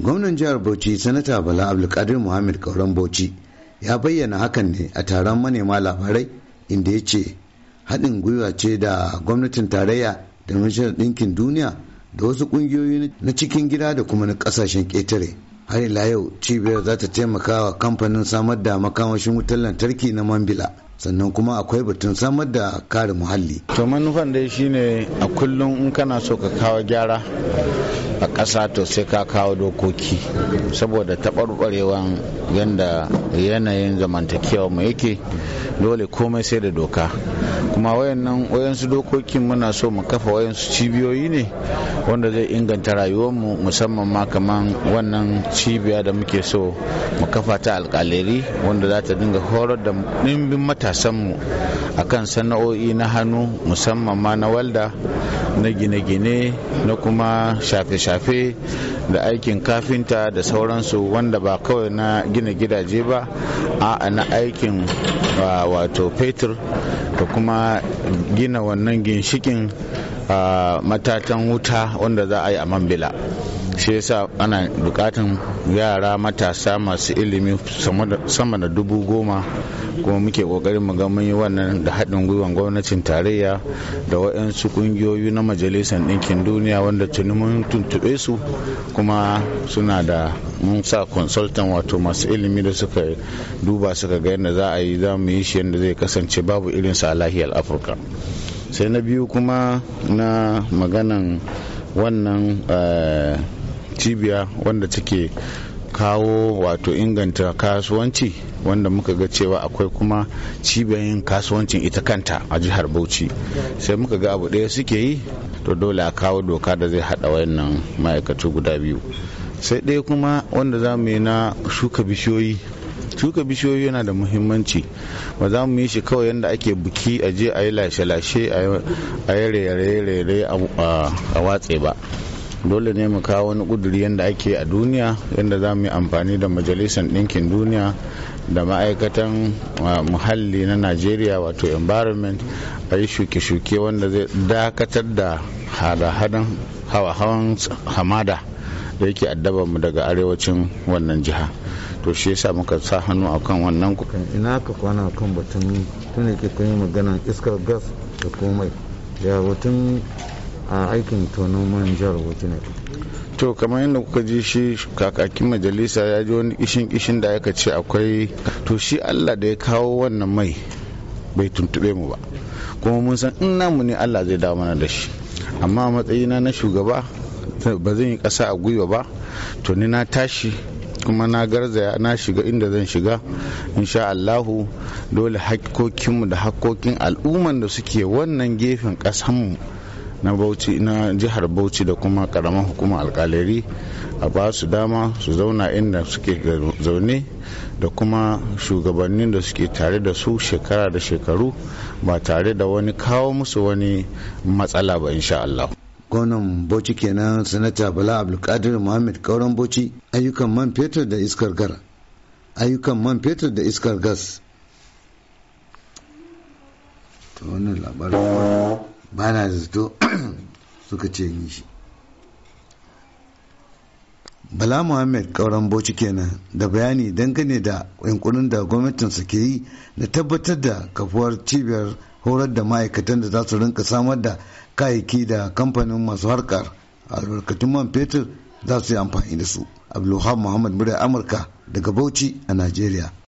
gwamnan jihar bauchi sanata bala abdulkadir muhammad kauran bauchi ya bayyana hakan ne a taron manema labarai inda ya ce haɗin gwiwa ce da gwamnatin tarayya da mashirar ɗinkin duniya da wasu ƙungiyoyi na cikin gida da kuma na ƙasashen ƙetare har ila yau cibiyar za ta taimaka wa kamfanin samar da makamashin wutar lantarki na mambila sannan kuma akwai batun samar da kare muhalli to manufan dai shine a kullum in kana so ka kawo gyara a ƙasa to sai ka kawo dokoki saboda taɓarɓarewan yadda yanayin zamantakewa mu yake dole komai sai da doka kuma wayannan wayansu dokokin muna so mu kafa wayansu cibiyoyi ne wanda zai inganta rayuwarmu musamman ma kaman wannan cibiya da muke so mu kafa ta alkaleri wanda za ta dinga horar da ɗimbin matasanmu kan sana'o'i na hannu musamman ma na walda na gine-gine na kuma shafe-shafe shafe da aikin kafinta da sauransu wanda ba kawai na gina gidaje ba a na aikin wato fetur da kuma gina wannan ginshikin matatan wuta wanda za a yi a mambila shi yasa ana bukatan yara matasa masu ilimi sama da dubu goma kuma muke kokarin mu ga mun yi wannan da haɗin gwiwan gwamnatin tarayya da waɗansu ƙungiyoyi na majalisar ɗinkin duniya wanda tuni mun tuntuɓe su kuma suna da mun sa consultant wato masu ilimi da suka duba suka ga yadda za a yi za mu yi shi yadda zai kasance babu irinsa a lahiyar afirka sai na biyu kuma na maganan wannan eh, cibiya wanda take kawo wato inganta kasuwanci wanda muka ga cewa akwai kuma cibiyoyin kasuwancin ita kanta a jihar bauchi sai muka ga abu daya suke yi to dole a kawo doka da zai haɗa wayannan ma'aikatu guda biyu sai ɗaya kuma wanda za mu yi na shuka bishiyoyi shuka bishiyoyi yana da muhimmanci ba za mu yi shi kawai yadda ake buki a je a yi lashe-lashe a yi a watse ba dole ne mu kawo wani kuduri yadda ake a duniya yadda za mu yi amfani da majalisar ɗinkin duniya da ma'aikatan muhalli na nigeria wato environment a yi shuke-shuke wanda zai dakatar da hada-hadan hawa-hawan hamada da yake mu daga arewacin wannan jiha to shi yasa muka sa hannu kan wannan kukan ina ka kwana kan batun tun da kun yi maganan iskar gas da komai ya batun a aikin tonoman jihar ne. to kamar yadda kuka ji shi kakakin majalisa ya ji wani kishin kishin da aka ce akwai to shi allah da ya kawo wannan mai bai tuntube mu ba kuma mun san in namu ne allah zai dawo mana da shi amma matsayina na shugaba ba zan yi ƙasa a gwiwa ba to ni na tashi kuma na garzaya na shiga inda zan shiga insha Allahu dole hakkokinmu da hakkokin al'umman da suke wannan gefen ƙasanmu na bauchi na jihar bauchi da kuma karamar hukumar alkaleri a ba su dama su zauna inda suke zaune da kuma shugabannin da suke tare da su shekara da shekaru ba tare da wani kawo musu wani matsala ba insha Allah. gonan bauchi kenan sanata bala abdulkadir muhammad kauran bauchi ayyukan man fetur da iskar gar ayyukan man fetur da iskar gas ba na zato suka ce yi shi bala muhammad kauran bauchi kenan da bayani dangane da yankunan da gwamnatinsa ke yi na tabbatar da kafuwar cibiyar horar da ma'aikatan da za su rinka samar da kayayyaki da kamfanin masu harkar albarkatun man fetur za su yi amfani da su abdulhamid muhammad murai amurka daga bauchi a nigeria.